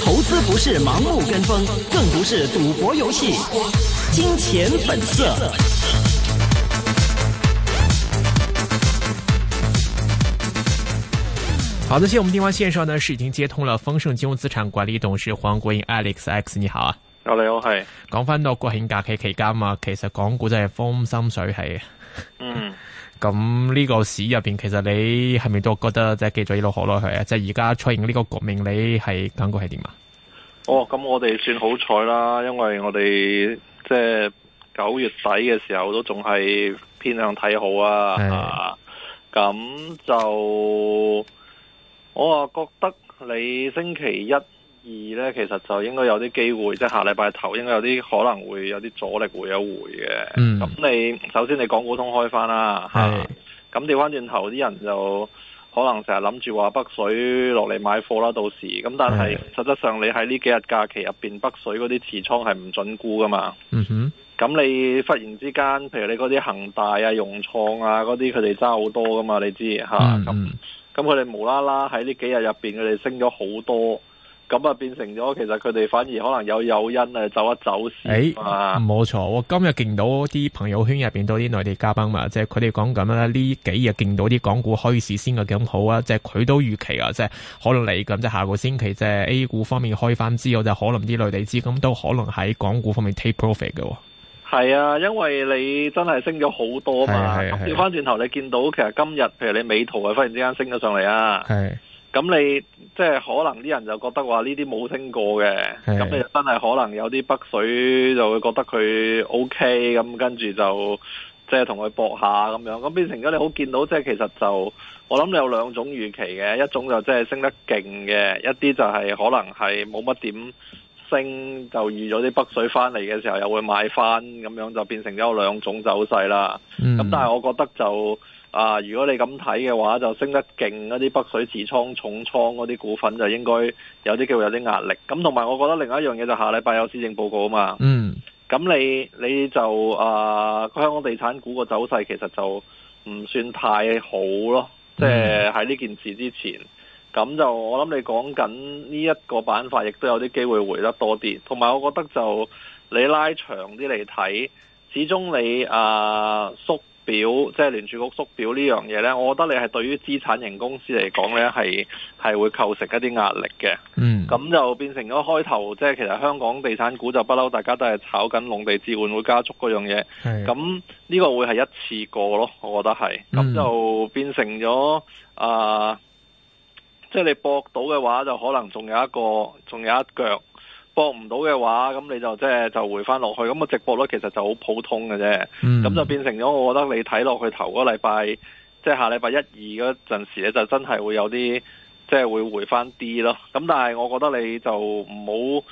投資不是盲目跟風，更不是賭博遊戲。金錢本色。 好的，現在我們電話線上呢是已經接通了豐盛金融資產管理董事黃國英 Alex X，你好啊。好，嗯，你好。係講翻到國慶假期期間嘛。其實港股真係風生水起。 嗯。咁呢個市入邊，其實你係咪都覺得即係記咗一路好落去啊？即係而家出現呢個局面，你係感覺係點啊？哦，咁我哋算好彩啦，因為我哋即係九月底嘅時候都仲係偏向睇好的啊。咁就我啊覺得你星期一。二咧，其實就應該有啲機會，即、就、係、是、下禮拜頭應該有啲可能會有啲阻力回一回，會有回嘅。嗯，咁你首先你港股通開翻啦，係咁調翻轉頭，啲、啊、人就可能成日諗住話北水落嚟買貨啦。到時咁，但係、啊、實質上你喺呢幾日假期入邊，北水嗰啲持倉係唔準沽㗎嘛。嗯哼，咁你忽然之間，譬如你嗰啲恒大啊、融創啊嗰啲，佢哋揸好多㗎嘛，你知吓咁，咁佢哋無啦啦喺呢幾日入邊，佢哋升咗好多。 咁啊，就變成咗，其實佢哋反而可能有誘因啊，走一走先啊。冇錯，欸，今日見到啲朋友圈入邊都啲內地嘉賓嘛，即係佢哋講緊啦。呢幾日見到啲港股開市先嘅咁好啊，即係佢都預期啊，即係可能你咁，即係下個星期即係 A 股方面開翻之後就可能啲內地資金都可能喺港股方面 take profit 嘅。係啊，因為你真係升咗好多嘛。調翻轉頭，啊啊、你見到其實今日，譬如你美圖啊，忽然之間升咗上嚟啊。係。咁你即係可能啲人就覺得話呢啲冇升過嘅，咁的你真係可能有啲北水就會覺得佢 OK，咁跟住就即係同佢搏下咁樣，咁變成咗你好見到即係其實就我諗你有兩種預期嘅，一種就即係升得勁嘅，一啲就係可能係冇乜點升就預咗啲北水翻嚟嘅時候又會買翻，咁樣就變成咗有兩種走勢啦。咁、嗯、但係我覺得就。啊，如果你咁睇嘅話，就升得勁嗰啲北水持倉重倉嗰啲股份就應該有啲機會有啲壓力。咁同埋我覺得另外一樣嘢就下禮拜有施政報告啊嘛。嗯。咁你你就啊，香港地產股個走勢其實就唔算太好咯。即係喺呢件事之前，咁就我諗你講緊呢一個板塊，亦都有啲機會回得多啲。同埋我覺得就你拉長啲嚟睇，始終你啊縮。表即係聯儲局縮表呢樣嘢呢，我覺得你係對於資產型公司嚟講呢，係係會構成一啲壓力嘅。嗯，咁就變成咗開頭即係其實香港地產股就不嬲，大家都係炒緊農地置換會加速嗰樣嘢。係，咁呢個會係一次過咯，我覺得係。咁、嗯、就變成咗啊、呃，即係你博到嘅話，就可能仲有一個，仲有一腳。搏唔到嘅話，咁你就即係就回翻落去。咁個直播率其實就好普通嘅啫。咁、嗯、就變成咗，我覺得你睇落去頭個禮拜，即、就、係、是、下禮拜一二嗰陣時咧，就真係會有啲，即、就、係、是、會回翻啲咯。咁但係我覺得你就唔好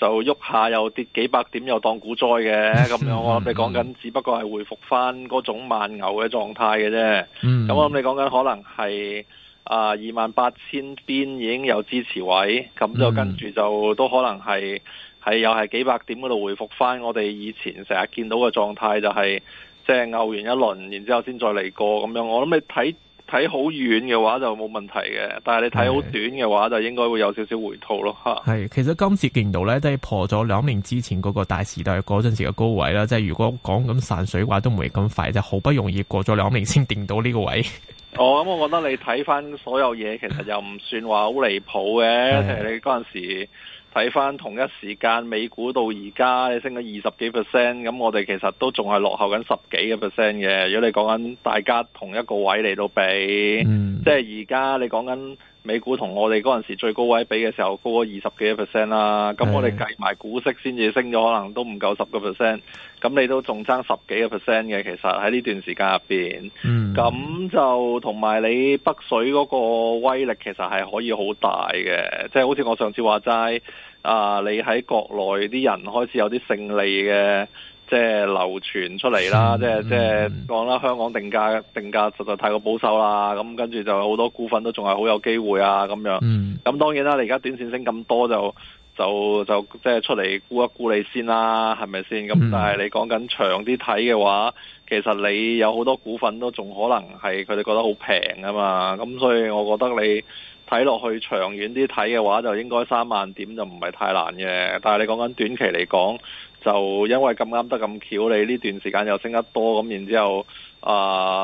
就喐下又跌幾百點又當股災嘅，咁樣、嗯、我諗你講緊只不過係回復翻嗰種慢牛嘅狀態嘅啫。咁、嗯、我諗你講緊可能係。啊，二萬八千邊已經有支持位，咁就跟住就都可能係係又係幾百點嗰度回復翻我哋以前成日見到嘅狀態，就係即係拗完一輪，然之後先再嚟過咁樣。我諗你睇睇好遠嘅話就冇問題嘅，但係你睇好短嘅話就應該會有少少回吐咯吓。係，其實今次見到呢都係破咗兩年之前嗰個大時代嗰陣時嘅高位啦，即係如果講咁散水嘅話都唔會咁快，就好不容易過咗兩年先定到呢個位。 哦，咁、嗯、我覺得你睇翻所有嘢，其實又唔算話好離譜嘅。 其實你嗰陣時睇翻同一時間，美股到而家你升咗二十幾 percent，咁我哋其實都仲係落後緊十幾個 percent 嘅。如果你講緊大家同一個位嚟到比，即係而家你講緊。美股同我哋嗰陣時最高位比嘅時候高咗二十幾個 percent 啦，咁、啊、我哋計埋股息先至升咗，可能都唔夠十個 percent，咁你都仲爭十幾個 percent 嘅，其實喺呢段時間入邊，咁、嗯、就同埋你北水嗰個威力其實係可以大、就是、好大嘅，即係好似我上次話齋，啊、呃，你喺國內啲人開始有啲勝利嘅。即係流傳出嚟啦，嗯、即係即係講啦，香港定價、嗯、定價實在太過保守啦，咁跟住就好多股份都仲係好有機會啊，咁樣。咁、嗯、當然啦，你而家短線升咁多就就就即係出嚟沽一沽你先啦，係咪先？咁但係你講緊長啲睇嘅話，其實你有好多股份都仲可能係佢哋覺得好平啊嘛，咁所以我覺得你睇落去長遠啲睇嘅話，就應該三萬點就唔係太難嘅。但係你講緊短期嚟講。就因為咁啱得咁巧，你呢段時間又升得多，咁然之後啊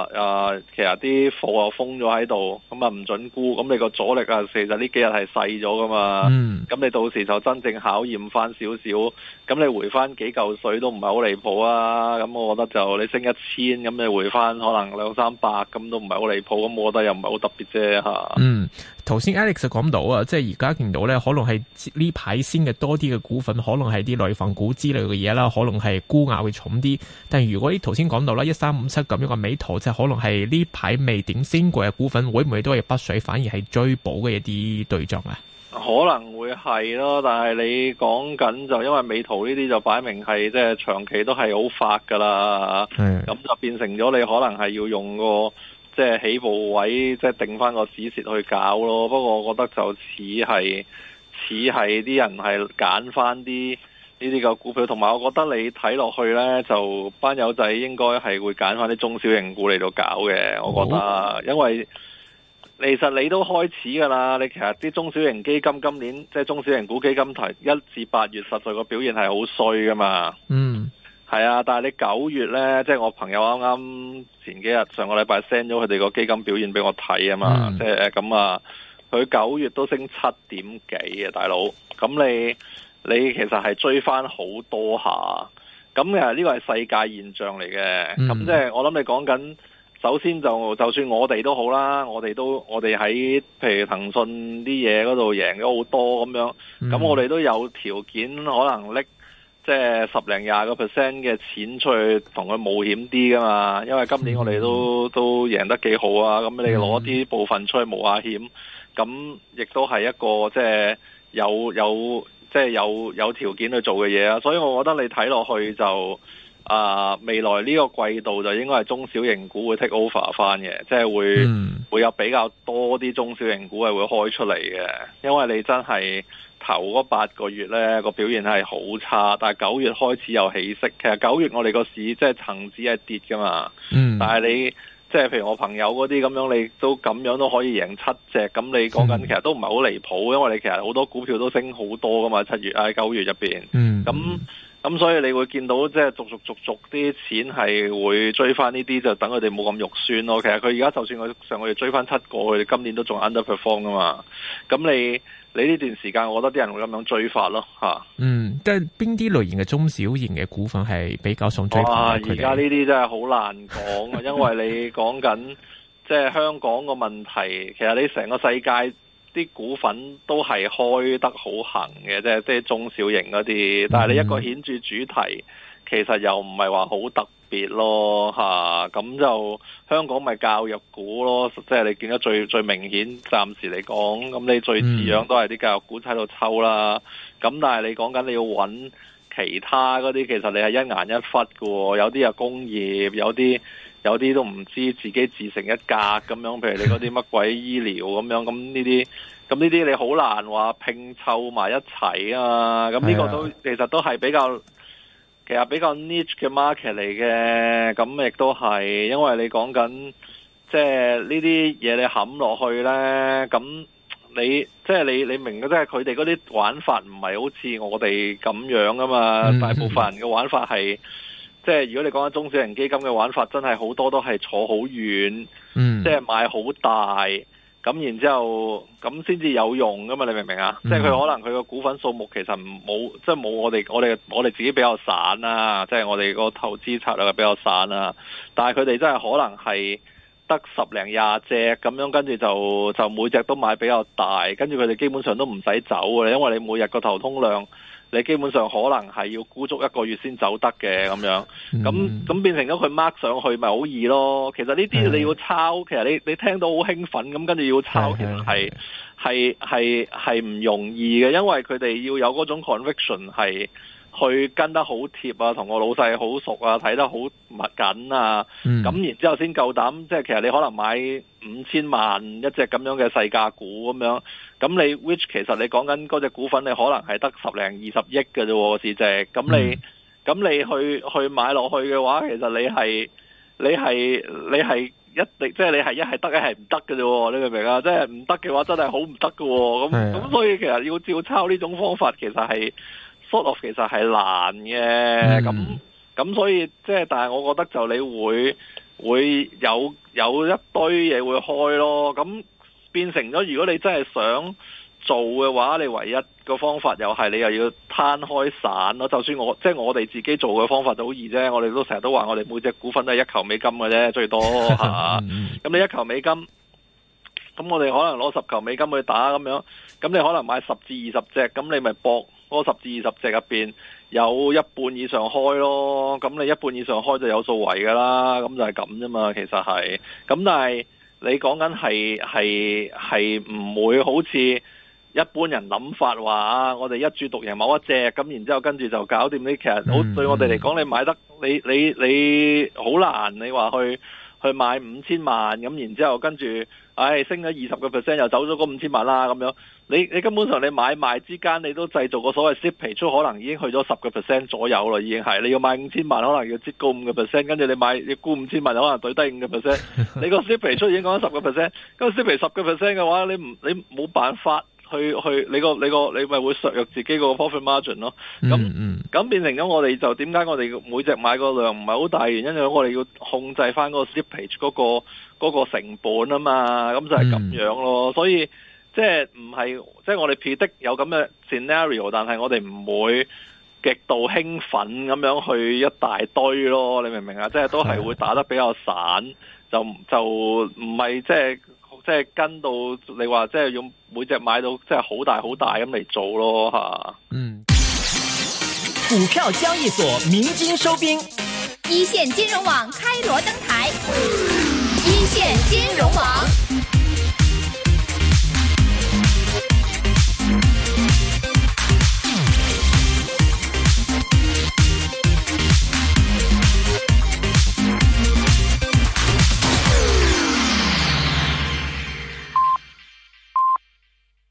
啊、呃呃，其實啲貨又封咗喺度，咁啊唔準沽。咁你個阻力啊，其實呢幾日係細咗噶嘛，咁、嗯、你到時就真正考驗翻少少，咁你回翻幾嚿水都唔係好離譜啊，咁我覺得就你升一千，咁你回翻可能兩三百，咁都唔係好離譜，咁我覺得又唔係好特別啫嚇。啊嗯頭先 Alex 講到啊，即係而家見到咧，可能係呢排先嘅多啲嘅股份，可能係啲內房股之類嘅嘢啦，可能係沽壓會重啲。但如果啲頭先講到啦，一三五七咁樣嘅美圖，即係可能係呢排未點升過嘅股份，會唔會都係北水，反而係追補嘅一啲對象啊？可能會係咯，但係你講緊就因為美圖呢啲就擺明係即係長期都係好發噶啦，咁是的 就變成咗你可能係要用個。即係起步位，即係定翻個止蝕去搞咯。不過我覺得就似係似係啲人係揀翻啲呢啲個股票，同埋我覺得你睇落去呢，就班友仔應該係會揀翻啲中小型股嚟到搞嘅。我覺得，因為其實你都開始噶啦。你其實啲中小型基金今年即係、就是、中小型股基金，提一至八月實在個表現係好衰噶嘛。嗯係啊，但係你九月咧，即係我朋友啱啱前幾日上個禮拜 send 咗佢哋個基金表現俾我睇啊嘛，嗯、即係咁啊，佢、呃、九月都升七點幾啊，大佬，咁你你其實係追翻好多下，咁嘅呢個係世界現象嚟嘅，咁、嗯、即係我諗你講緊，首先就就算我哋都好啦，我哋都我哋喺譬如騰訊啲嘢嗰度贏咗好多咁樣，咁、嗯、我哋都有條件可能拎。即係十零廿個 percent 嘅錢出去同佢冒險啲㗎嘛，因為今年我哋都、嗯、都贏得幾好啊，咁你攞啲部分出去冒下險，咁亦都係一個即係有有即係有有條件去做嘅嘢啊，所以我覺得你睇落去就。啊，未來呢個季度就應該係中小型股會 take over 翻嘅，即係會、嗯、會有比較多啲中小型股係會開出嚟嘅。因為你真係頭嗰八個月呢個表現係好差，但係九月開始有起色。其實九月我哋個市即係層次係跌噶嘛，嗯、但係你即係譬如我朋友嗰啲咁樣，你都咁樣都可以贏七隻，咁你講緊其實都唔係好離譜，因為你其實好多股票都升好多噶嘛。七月啊，九月入邊，咁、嗯。嗯嗯咁所以你會見到即係逐逐逐逐啲錢係會追翻呢啲，就等佢哋冇咁肉酸咯、哦。其實佢而家就算佢上個月追翻七個，佢哋今年都仲 underperform 㗎嘛。咁你你呢段時間，我覺得啲人會咁樣追法咯嚇。嗯，即係邊啲類型嘅中小型嘅股份係比較想追捧？而家呢啲真係好難講啊，因為你講緊即係香港個問題， 其實你成個世界。啲股份都係開得好行嘅，即係即係中小型嗰啲，但係你一個顯著主題其實又唔係話好特別咯嚇，咁、啊、就香港咪教育股咯，即係你見得最最明顯，暫時嚟講，咁你最似樣都係啲教育股喺度抽啦，咁但係你講緊你要揾其他嗰啲，其實你係一顏一忽㗎喎，有啲係工業，有啲。有啲都唔知自己自成一格咁樣，譬如你嗰啲乜鬼醫療咁樣，咁呢啲咁呢啲你好難話拼湊埋一齊啊！咁呢個都的其實都係比較，其實比較 niche 嘅 market 嚟嘅，咁亦都係，因為你講緊即係呢啲嘢你冚落去咧，咁、就是、你即係你你明嘅，即係佢哋嗰啲玩法唔係好似我哋咁樣啊嘛，嗯、大部分人嘅玩法係。即係如果你講緊中小型基金嘅玩法，真係好多都係坐好遠，嗯、即係買好大，咁然之後咁先至有用㗎嘛？你明唔明啊？即係佢可能佢個股份數目其實唔冇，即係冇我哋我哋我哋自己比較散啊，即係我哋個投資策略比較散啊。但係佢哋真係可能係得十零廿隻咁樣，跟住就就每隻都買比較大，跟住佢哋基本上都唔使走嘅，因為你每日個頭通量。你基本上可能係要沽足一個月先走得嘅，咁樣。咁咁變成咗佢 mark 上去咪好易咯。其實呢啲你要抄，的其實你你聽到好興奮，咁，跟住要抄其實係。係係係唔容易嘅，因為佢哋要有嗰種 conviction 係去跟得好貼啊，同個老細好熟啊，睇得好密緊啊，咁、嗯、然之後先夠膽。即係其實你可能買五千萬一隻咁樣嘅細價股咁樣，咁你 which 其實你講緊嗰隻股份，你可能係得十零二十億嘅啫，啊，市值。咁你咁、嗯、你去去買落去嘅話，其實你係你係你係。你一定即係你係一係得嘅係唔得嘅啫喎，你明唔明啊？即係唔得嘅話，真係好唔得嘅喎。咁咁的所以其實要照抄呢種方法，其實係 sort of，其實係難嘅。咁咁、嗯、所以即係，但係我覺得就你會會有有一堆嘢會開咯。咁變成咗，如果你真係想。做嘅話，你唯一個方法又係你又要攤開散咯。就算我即係我哋自己做嘅方法就好易啫。我哋都成日都話，我哋每隻股份都係一球美金嘅啫，最多嚇。咁你一球美金，咁我哋可能攞十球美金去打咁樣，咁你可能買十至二十隻，咁你咪搏嗰十至二十隻入邊有一半以上開咯。咁你一半以上開就有數圍噶啦。咁就係咁啫嘛。其實係，咁但係你講緊係係係唔會好似。一般人諗法話啊，我哋一注獨贏某一隻，咁然之後跟住就搞掂啲。其實好對我哋嚟講，你買得你你你好難。你話去去買五千萬，咁然之後跟住，唉、哎，升咗二十個 percent，又走咗嗰五千萬啦。咁樣你你根本上你買賣之間，你都製造個所謂 slippage 出，可能已經去咗十個 percent 左右咯。已經係你要買五千萬，可能要扯高五個 percent，跟住你買你沽五千萬，可能對低五個 percent。你個 slippage 出已經講咗十個 percent，咁 slippage 十個 percent 嘅話，你唔你冇辦法。去去，你個你個你咪會削弱自己個 profit margin 咯。咁咁、嗯、變成咗我哋就點解我哋每隻買個量唔係好大？原因就係我哋要控制翻嗰個 slippage 嗰、嗰個嗰個成本啊嘛。咁就係咁樣咯。嗯、所以即係唔係即係我哋 predict 有咁嘅 scenario，但係我哋唔會極度興奮咁樣去一大堆咯。你明唔明啊？即係都係會打得比較散，嗯、就就唔係即係。即係跟到你話，即係用每隻買到即係好大好大咁嚟做咯，吓。嗯 。 股票交易所鳴金收兵，一線金融網開鑼登台，一線金融網。